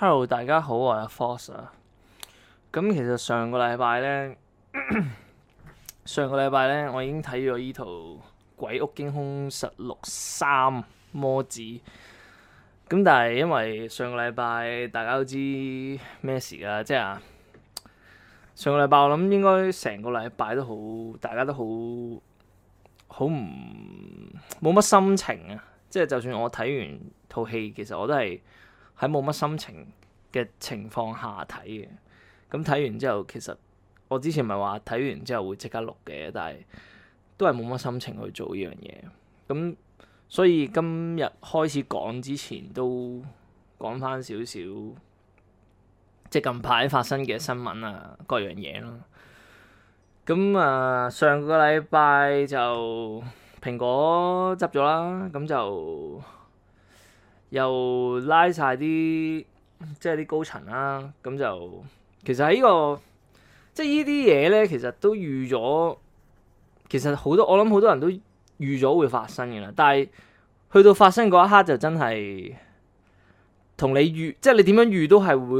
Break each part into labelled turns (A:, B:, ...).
A: Hello，大家好，我係阿 Fox 啊。咁其實上個禮拜咧，上個禮拜咧，我已經睇咗呢套《詭屋驚凶實錄三：魔旨》。咁但係因為上個禮拜大家都知咩事啊，即係啊，上個禮拜我諗應該成個禮拜都好，大家都好好唔冇乜心情啊。即係就算我睇完套戲，其實我都係。喺冇乜心情嘅情況下睇嘅，咁睇完之後，其實我之前咪話睇完之後會即刻錄嘅，但係都係冇乜心情去做呢樣嘢。咁所以今日開始講之前，都講翻少少即係近排發生嘅新聞啊，各樣嘢咯。咁啊，呃，上個禮拜就蘋果執咗啦，咁就，又拉晒啲即係啲高層啦，咁就其實喺呢個即係呢啲嘢咧，其實都預咗，其實好多我諗好多人都預咗會發生嘅啦。但係去到發生嗰一刻就真係同你預，即係你點樣預都係會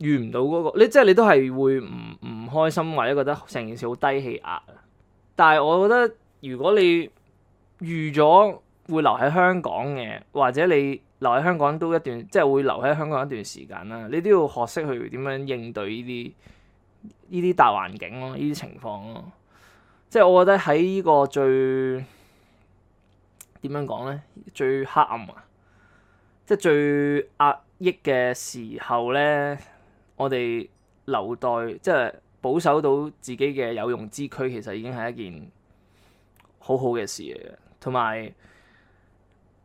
A: 預唔到嗰個，你即係你都係會唔唔開心或者覺得成件事好低氣壓。但係我覺得如果你預咗會留喺香港嘅，或者你，留喺香港都一段，即係會留喺香港一段時間啦。你都要學識去點樣應對呢啲呢啲大環境咯，呢啲情況咯。即係我覺得喺呢個最點樣講咧，最黑暗啊！即係最壓抑嘅時候咧，我哋留待即係保守到自己嘅有用之軀，其實已經係一件好好嘅事嚟嘅，同埋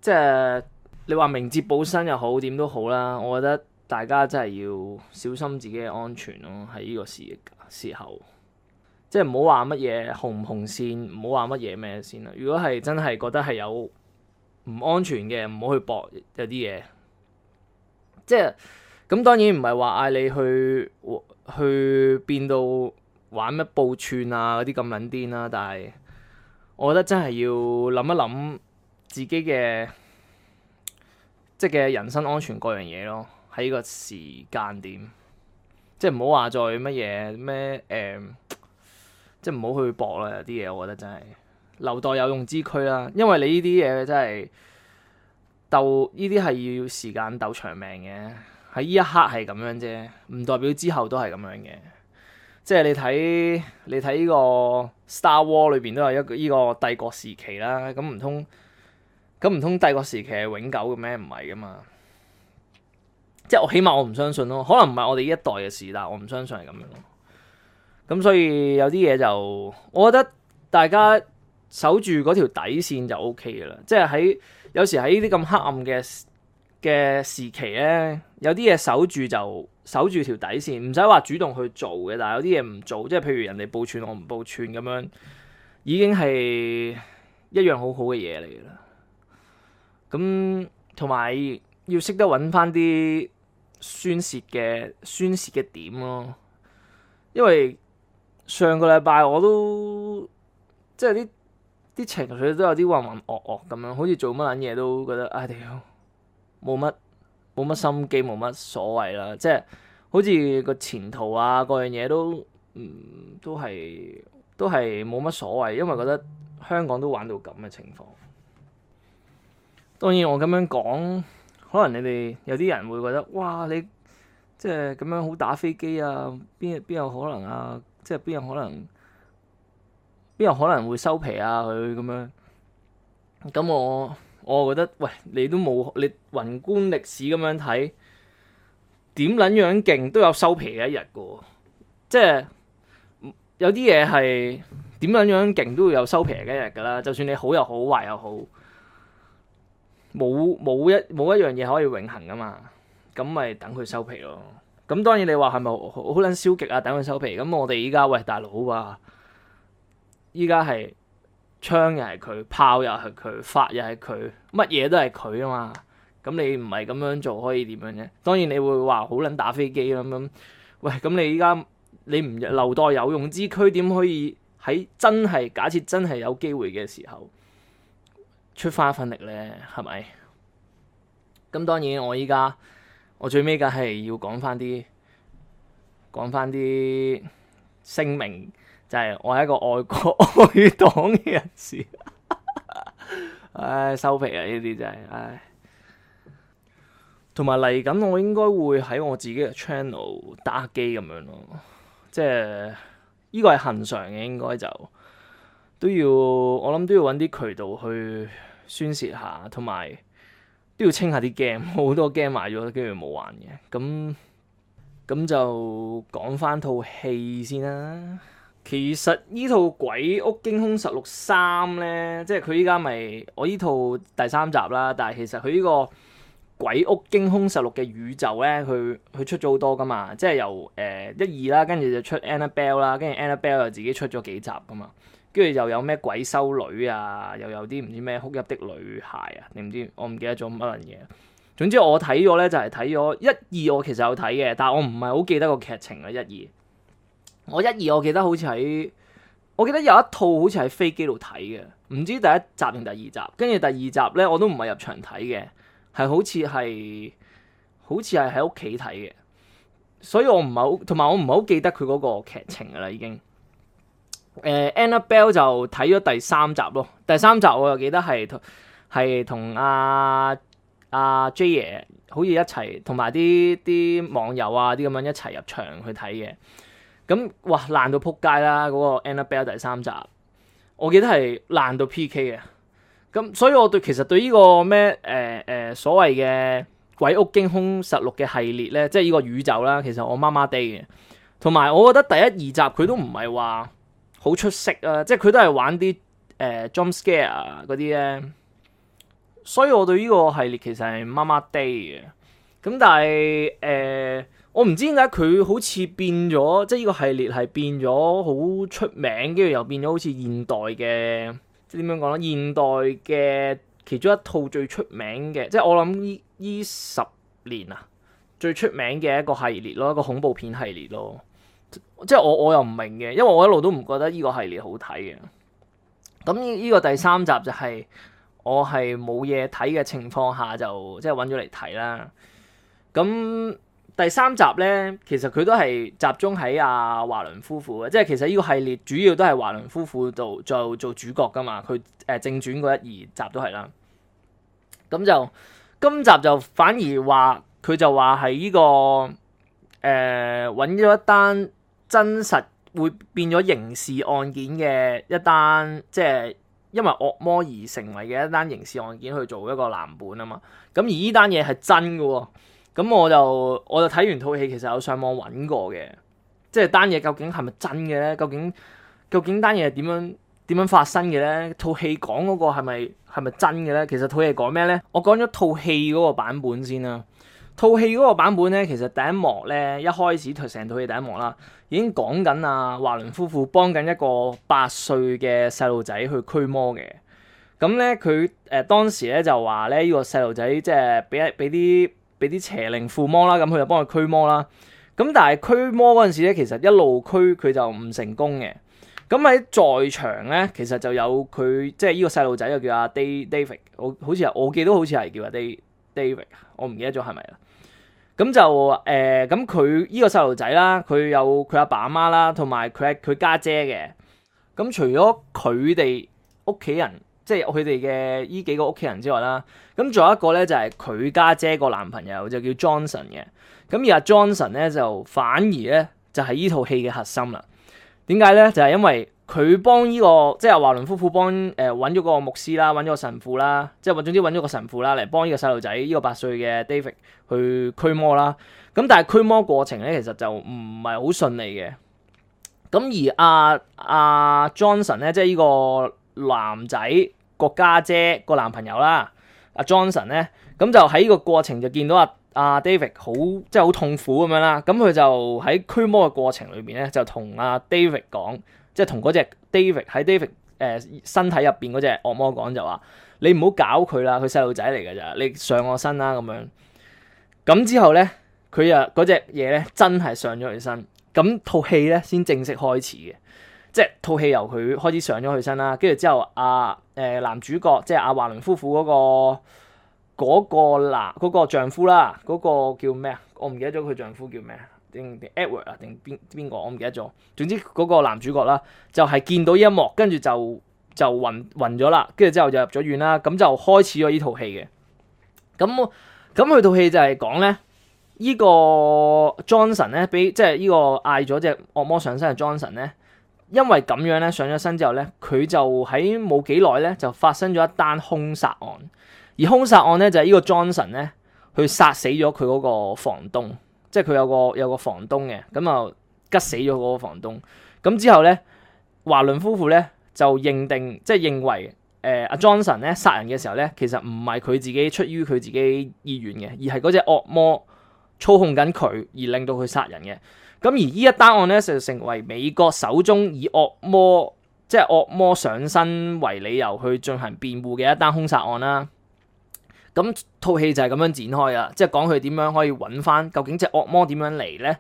A: 即係。你話明哲保身又好，點都好啦。我覺得大家真係要小心自己嘅安全咯。喺呢個時時候，即係唔好話乜嘢紅唔紅線，唔好話乜嘢咩先啦。如果係真係覺得係有唔安全嘅，唔好去搏，有啲嘢。即係咁，當然唔係話嗌你去去變到玩乜暴串啊嗰啲咁撚癲、啊、啦。但係我覺得真係要諗一諗自己嘅。即嘅人身安全各樣嘢咯，喺呢個時間點，即唔好話再乜嘢咩誒，即唔好去搏啦，有啲嘢我覺得真係留待有用之軀啦。因為你呢啲嘢真係鬥，呢啲係要時間鬥長命嘅。喺呢一刻係咁樣啫，唔代表之後都係咁樣嘅。即你睇你睇呢個 Star War 裏邊都有一個呢個帝國時期啦，咁唔通？咁唔通帝國時期係永久嘅咩？唔係噶嘛，即係我起碼我唔相信咯。可能唔係我哋呢一代嘅事，但係我唔相信係咁樣咯。咁所以有啲嘢就，我覺得大家守住嗰條底線就 OK 啦。即係喺有時喺呢啲咁黑暗嘅嘅時期咧，有啲嘢守住就守住條底線，唔使話主動去做嘅。但係有啲嘢唔做，即係譬如人哋報串我唔報串咁樣，已經係一樣好好嘅嘢嚟啦。咁同埋要識得揾返啲宣泄嘅宣泄嘅點咯，因為上個禮拜我都即係啲啲情緒都有啲渾渾噩噩咁樣，好似做乜撚嘢都覺得啊屌，冇乜冇乜心機，冇乜所謂啦，即係好似個前途啊嗰樣嘢都唔、嗯、都係都係冇乜所謂，因為覺得香港都玩到咁嘅情況。當然我咁樣講，可能你哋有啲人會覺得，哇！你即係咁樣好打飛機啊，邊邊有可能啊？即係邊有可能？邊有可能會收皮啊？佢咁樣，咁我我覺得，喂！你都冇你宏觀歷史咁樣睇，點撚樣勁都有收皮嘅一日噶喎！即係有啲嘢係點撚樣勁都會有收皮嘅一日噶啦，就算你好又好，壞又好。冇冇一冇一樣嘢可以永恆㗎嘛，咁咪等佢收皮咯。咁當然你話係咪好撚消極啊？等佢收皮。咁我哋依家喂大佬呀，依家係槍又係佢，炮又係佢，發又係佢，乜嘢都係佢啊嘛。咁你唔係咁樣做可以點樣啫？當然你會話好撚打飛機咁樣。喂，咁你依家你唔留待有用之軀，點可以喺真係假設真係有機會嘅時候？出翻一份力咧，係咪？咁當然我，我依家我最尾梗係要講翻啲講翻啲聲明，就係、是、我係一個愛國 愛黨嘅人士。 唉，收皮啊！呢啲真係唉。同埋嚟緊，我應該會喺我自己嘅 channel 打機咁樣咯，即係呢個係恒常嘅，應該就。都要我諗都要搵啲渠道去宣泄下，同埋都要清下啲 game。好多 game 買咗跟住冇玩嘅。咁咁就講翻套戲先啦。其實呢套《鬼屋驚空十六三》咧，即係佢依家咪我呢套第三集啦。但係其實佢呢個《詭屋驚凶實錄》嘅宇宙咧，佢佢出咗好多噶嘛。即係由誒一二啦，跟住就出 Annabelle 啦，跟住 Annabelle 又自己出咗幾集噶嘛。跟住又有咩鬼修女啊，又有啲唔知咩哭泣的女孩啊，你唔知我唔記得咗乜嘢。總之我睇咗咧，就係睇咗一二，1，我其實有睇嘅，但我唔係好記得個劇情啦。一二，我一二我記得好似喺我記得有一套好似喺飛機度睇嘅，唔知第一集定第二集。跟住第二集咧，我都唔係入場睇嘅，係好似係好似係喺屋企睇嘅。所以我唔係好同埋我唔係好記得佢嗰個劇情噶啦，已經。誒、uh，Annabelle 就睇咗第三集咯。第三集我又記得係係同阿阿 J 爺好似一齊，同埋啲啲網友啊啲咁樣一齊入場去睇嘅。咁哇爛到撲街啦！嗰、那個 Annabelle 第三集，我記得係爛到 PK 嘅。咁所以我對其實對呢個咩誒誒所謂嘅詭屋驚凶實錄嘅系列咧，即係呢個宇宙啦，其實我麻麻地嘅。同埋我覺得第一二集佢都唔係話。好出色啊！即係佢都係玩啲誒、呃、jump scare 啊嗰啲咧，所以我對呢個系列其實係麻麻哋嘅。咁但係誒、呃，我唔知點解佢好似變咗，即係呢個系列係變咗好出名，跟住又變咗好似現代嘅，即係點樣講咧？現代嘅其中一套最出名嘅，即係我諗呢呢十年啊，最出名嘅一個系列咯，一個恐怖片系列咯。即係我我又唔明嘅，因為我一路都唔覺得呢個系列好睇嘅。咁呢呢個第三集就係我係冇嘢睇嘅情況下就即係揾咗嚟睇啦。咁第三集咧，其實佢都係集中喺阿華倫夫婦嘅，即係其實呢個系列主要都係華倫夫婦度做做，做主角噶嘛。佢誒、呃、正傳嗰一二集都係啦。咁就今集就反而話佢就話係呢個誒揾咗一單。真實會變咗刑事案件嘅一單，即係因為惡魔而成為嘅一單刑事案件去做一個藍本啊嘛。咁而呢單嘢係真嘅，哦，咁我就我就睇完套戲，其實有上網揾過嘅，即係單嘢究竟係咪真嘅咧？究竟究竟單嘢係點樣點樣發生嘅咧？套戲講嗰個係咪係咪真嘅咧？其實套戲講咩咧？我講咗套戲嗰個版本先啦。套戲嗰個版本咧，其實第一幕咧，一開始就成套戲第一幕啦，已經講緊阿華倫夫婦幫緊一個八歲嘅細路仔去驅魔嘅。咁咧佢誒當時咧就話咧，呢個細路仔即係俾俾啲俾啲邪靈附魔啦，咁佢就幫佢驅魔啦。咁但係驅魔嗰陣時咧，其實一路驅佢就唔成功嘅。咁喺在場咧，其實就有佢即係呢個細路仔，就，是、就叫阿 Dave、David 我好似我記得好似係叫阿 Dave、David 我唔記得咗係咪啦。是咁就誒，咁佢依個細路仔啦，佢有佢阿爸阿媽啦，同埋佢係佢家姐嘅。咁除咗佢哋屋企人，即係佢哋嘅依幾個屋企人之外啦，咁仲有一個咧就係佢家姐個男朋友就叫 Johnson 嘅。咁而阿 Johnson 咧就反而咧就係、是、依套戲嘅核心啦。點解咧？就係、是、因為。佢幫呢、這個即係華倫夫婦幫誒揾咗個牧師啦，揾咗個神父啦，即係總之揾咗個神父啦嚟幫呢個細路仔，呢、這個八歲嘅 David 去驅魔啦。咁但係驅魔過程咧，其實就唔係好順利嘅。咁而阿、啊、阿、啊、Johnson 咧，即係呢個男仔個家姐，姐個男朋友啦，阿、啊、Johnson 咧，咁就喺呢個過程就見到阿、啊、阿、啊、David 好即係好痛苦咁樣啦。咁佢就喺驅魔嘅過程裏面咧，就同阿、啊、David 講。即係同嗰隻 David 喺 David 誒、呃、身體入邊嗰隻惡魔講就話：你唔好搞佢啦，佢細路仔嚟㗎咋，你上我身啦咁樣。咁之後咧，佢啊，嗰隻嘢咧，真係上咗佢身。咁套戲咧，先正式開始嘅，即係套戲由佢開始上咗佢身啦。跟住之後、啊，阿、呃、誒，男主角即係阿華倫夫婦嗰、嗰個嗰、嗰個男嗰、嗰個丈夫啦、啊，嗰、嗰個叫咩啊？我唔記得咗佢丈夫叫咩。定 Edward 啊，定邊邊個我唔記得咗。總之嗰個男主角啦，就係見到呢一幕，跟住就就暈暈咗啦，跟住之後就入咗院啦。咁就開始咗呢套戲嘅。咁咁佢套戲就係講咧，呢個 Johnson 咧，俾即係呢個嗌咗隻惡魔上身嘅 Johnson 咧，因為咁樣咧上咗身之後咧，佢就喺冇幾耐咧就發生咗一單兇殺案。而兇殺案咧就係呢個 Johnson 咧去殺死咗佢嗰個房東。即係佢有個有個房東嘅，咁啊拮死咗嗰個房東。咁之後咧，華倫夫婦咧就認定，即係認為誒阿、呃、Johnson 咧殺人嘅時候咧，其實唔係佢自己出於佢自己意願嘅，而係嗰隻惡魔操控緊佢，而令到佢殺人嘅。咁而一呢一單案咧就成為美國首宗以惡魔即係、就是、惡魔上身為理由去進行辯護嘅一單兇殺案啦。咁套戲就係咁樣展開啊，即係講佢點樣可以揾翻究竟隻惡魔點樣嚟咧？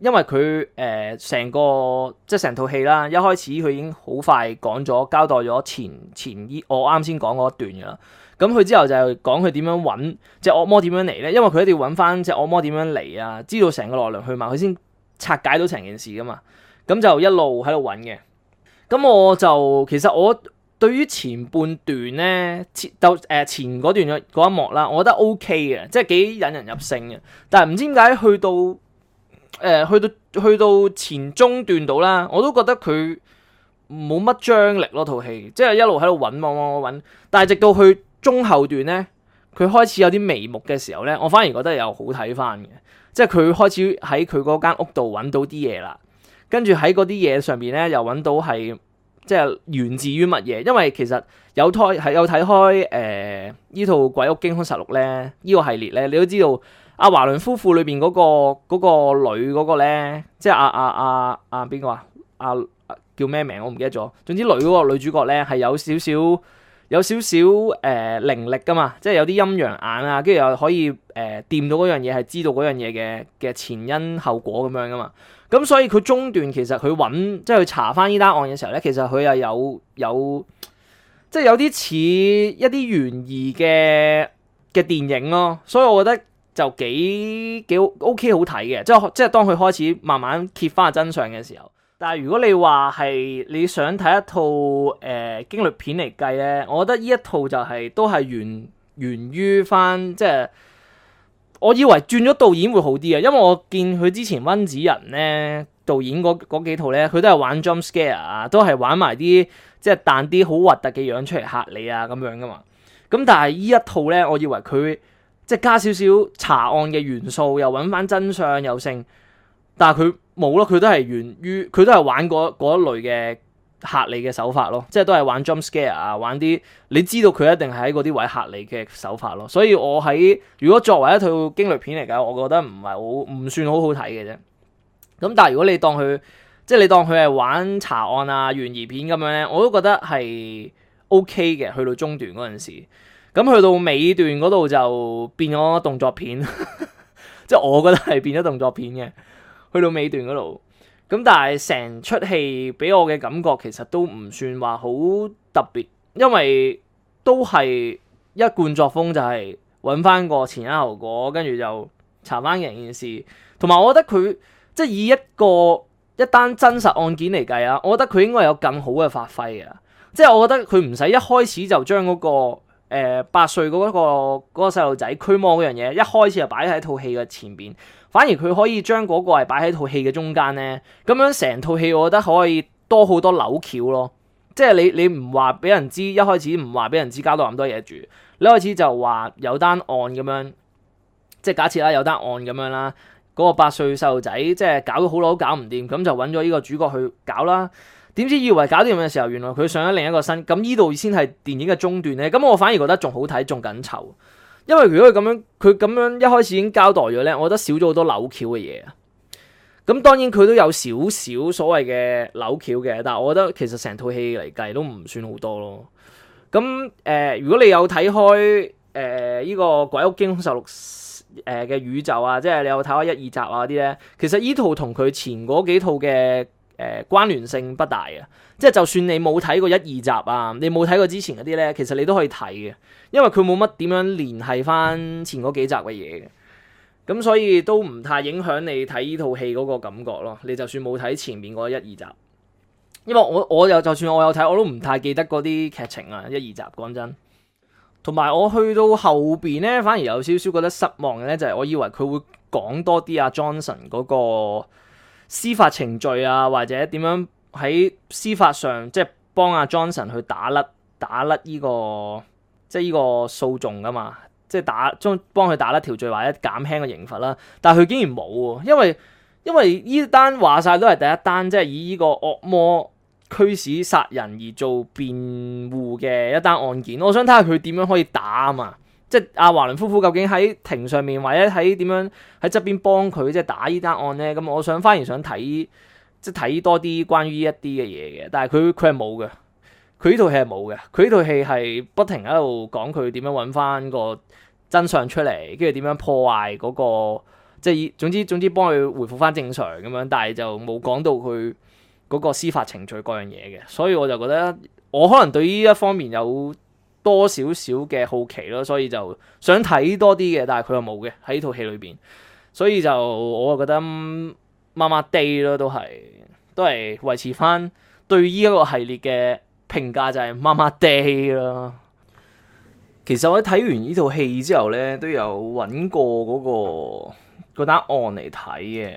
A: 因為佢誒成個即係成套戲啦，一開始佢已經好快講咗交代咗前前依我啱先講嗰一段噶啦。咁佢之後就係講佢點樣揾隻惡魔點樣嚟咧？因為佢一定要揾翻隻惡魔點樣嚟啊，知道成個來龍去脈，佢先拆解到成件事噶嘛。咁就一路喺度揾嘅。咁我就其實我。對於前半段咧，就誒前、呃、前段嗰一幕啦，我覺得 OK 嘅，即係幾引人入勝嘅。但係唔知點解去到誒、呃、去到去到前中段度啦，我都覺得佢冇乜張力咯，套戲即係一路喺度揾揾揾揾。但係直到去中後段咧，佢開始有啲眉目嘅時候咧，我反而覺得又好睇翻嘅，即係佢開始喺佢嗰間屋度揾到啲嘢啦，跟住喺嗰啲嘢上面咧又揾到係。即係源自於乜嘢？因為其實有睇係有睇開誒依、呃、套《詭屋驚凶實錄》咧，呢個系列咧，你都知道阿、啊、華倫夫婦裏邊嗰個女嗰個咧，即係阿阿阿阿邊個啊？阿、啊啊啊啊啊、叫咩名？我唔記得咗。總之女嗰個女主角咧係有少少。有少少誒靈力噶嘛，即係有啲陰陽眼啊，跟住又可以誒掂、呃、到嗰樣嘢，係知道嗰樣嘢嘅嘅前因後果咁樣噶嘛。咁所以佢中段其實佢揾即係查翻呢單案嘅時候咧，其實佢又有有即係有啲似一啲懸疑嘅嘅電影咯。所以我覺得就幾幾 OK 好睇嘅，即係即係當佢開始慢慢揭翻真相嘅時候。但係如果你話係你想睇一套誒驚悚片嚟計咧，我覺得呢一套就係、是、都係源源於翻即係，我以為轉咗導演會好啲啊，因為我見佢之前温子仁咧導演嗰嗰幾套咧，佢都係玩 jump scare 啊，都係玩埋啲即係彈啲好核突嘅樣出嚟吓你啊咁樣噶嘛。咁但係呢一套咧，我以為佢即係加少少查案嘅元素，又搵翻真相又剩。但係佢冇咯，佢都係源於佢都係玩嗰一類嘅嚇你嘅手法咯，即係都係玩 jump scare 啊，玩啲你知道佢一定係喺嗰啲位嚇你嘅手法咯。所以我喺如果作為一套驚慄片嚟講，我覺得唔係好唔算好好睇嘅啫。咁但係如果你當佢即係你當佢係玩查案啊懸疑片咁樣咧，我都覺得係 OK 嘅。去到中段嗰陣時，咁去到尾段嗰度就變咗動作片， 即係我覺得係變咗動作片嘅。去到尾段嗰度，咁但係成出戲俾我嘅感覺其實都唔算話好特別，因為都係一貫作風，就係揾翻個前因後果，跟住就查翻成件事。同埋我覺得佢即係以一個一單真實案件嚟計啊，我覺得佢應該有更好嘅發揮嘅，即係我覺得佢唔使一開始就將嗰個。誒、呃、八歲嗰、嗰個嗰細路仔驅魔嗰樣嘢，一開始就擺喺套戲嘅前邊，反而佢可以將嗰個係擺喺套戲嘅中間咧，咁樣成套戲我覺得可以多好多扭橋咯，即係你你唔話俾人知，一開始唔話俾人知搞到咁多嘢住，你開始就話有單案咁樣，即係假設啦有單案咁樣啦，嗰、嗰個八歲細路仔即係搞咗好耐都搞唔掂，咁就揾咗呢個主角去搞啦。點知以為搞掂嘅時候，原來佢上咗另一個身，咁呢度先係電影嘅中段咧。咁我反而覺得仲好睇，仲緊湊。因為如果佢咁樣，佢咁樣一開始已經交代咗咧，我覺得少咗好多扭橋嘅嘢啊。咁當然佢都有少少所謂嘅扭橋嘅，但係我覺得其實成套戲嚟計都唔算好多咯。咁誒、呃，如果你有睇開誒呢、呃這個《詭屋驚凶實錄》誒、呃、嘅宇宙啊，即係你有睇開一二集啊啲咧，其實呢套同佢前嗰幾套嘅。誒關聯性不大嘅，即係就算你冇睇過一二集啊，你冇睇過之前嗰啲咧，其實你都可以睇嘅，因為佢冇乜點樣聯繫翻前嗰幾集嘅嘢嘅，咁所以都唔太影響你睇呢套戲嗰個感覺咯。你就算冇睇前面嗰一二集，因為我我又就算我有睇，我都唔太記得嗰啲劇情啊，一二集講真。同埋我去到後邊咧，反而有少少覺得失望嘅咧，就係我以為佢會講多啲啊 Johnson 嗰個。司法程序啊，或者點樣喺司法上即係幫阿、啊、Johnson 去打甩打甩呢、這個即係呢個訴訟㗎嘛，即係打將幫佢打甩條罪或者減輕個刑罰啦。但係佢竟然冇啊，因為因為呢單話晒都係第一單，即、就、係、是、以呢個惡魔驅使殺人而做辯護嘅一單案件。我想睇下佢點樣可以打啊嘛。即係阿華倫夫婦究竟喺庭上面或者喺點樣喺側邊幫佢即係打呢單案咧？咁我想反而想睇即係睇多啲關於一啲嘅嘢嘅，但係佢佢係冇嘅，佢呢套戲係冇嘅，佢呢套戲係不停喺度講佢點樣揾翻個真相出嚟，跟住點樣破壞嗰個即係總之總之幫佢回復翻正常咁樣，但係就冇講到佢嗰個司法程序嗰樣嘢嘅，所以我就覺得我可能對呢一方面有多少少嘅好奇咯，所以就想睇多啲嘅，但係佢又冇嘅，喺呢套戲裏邊，所以就我啊覺得麻麻地咯，都係都係維持翻對依一個系列嘅評價就係麻麻地咯。其實我睇完呢套戲之後咧，都有揾過嗰個嗰單案嚟睇嘅，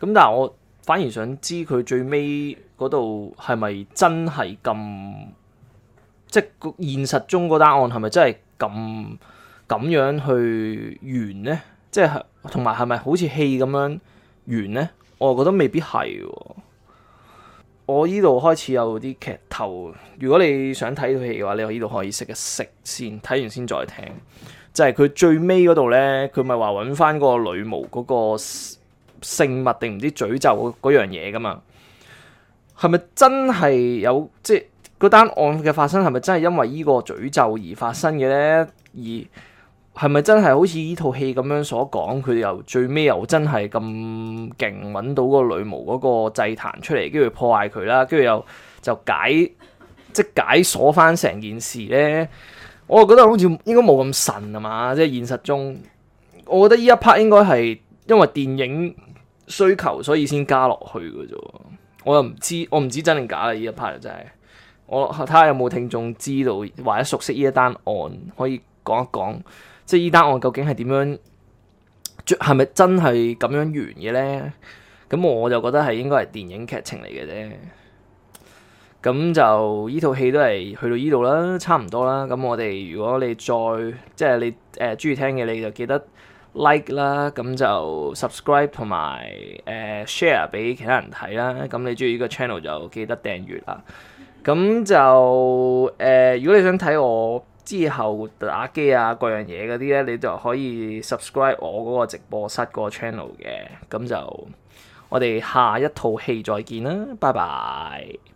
A: 咁但係我反而想知佢最尾嗰度係咪真係咁？即係個現實中嗰單案係咪真係咁咁樣去完呢？即係同埋係咪好似戲咁樣完呢？我覺得未必係喎。我依度開始有啲劇透。如果你想睇套戲嘅話，你呢度可以食一食先，睇完先再聽。就係佢最尾嗰度呢，佢咪話揾翻嗰個女巫嗰個聖物定唔知詛咒嗰樣嘢噶嘛？係咪真係有即？個單案嘅發生係咪真係因為呢個詛咒而發生嘅咧？而係咪真係好似呢套戲咁樣所講？佢又最尾又真係咁勁揾到嗰個女巫嗰個祭壇出嚟，跟住破壞佢啦，跟住又就解即係解鎖翻成件事咧？我又覺得好似應該冇咁神啊嘛，即係現實中，我覺得呢一 part 應該係因為電影需求所以先加落去嘅啫。我又唔知，我唔知真定假啦。呢一 part 就真係。我睇下有冇聽眾知道或者熟悉呢一單案，可以講一講，即係呢單案究竟係點樣？係咪真係咁樣完嘅咧？咁我就覺得係應該係電影劇情嚟嘅啫。咁就依套戲都係去到依度啦，差唔多啦。咁我哋如果你再即係你誒中意聽嘅，你就記得 like 啦。咁就 subscribe 同埋誒、呃、share 俾其他人睇啦。咁你中意呢個 channel 就記得訂閱啦。咁就誒、呃，如果你想睇我之後打機啊，各樣嘢嗰啲咧，你就可以 subscribe 我嗰個直播室嗰個 channel 嘅。咁就我哋下一套戲再見啦，拜拜。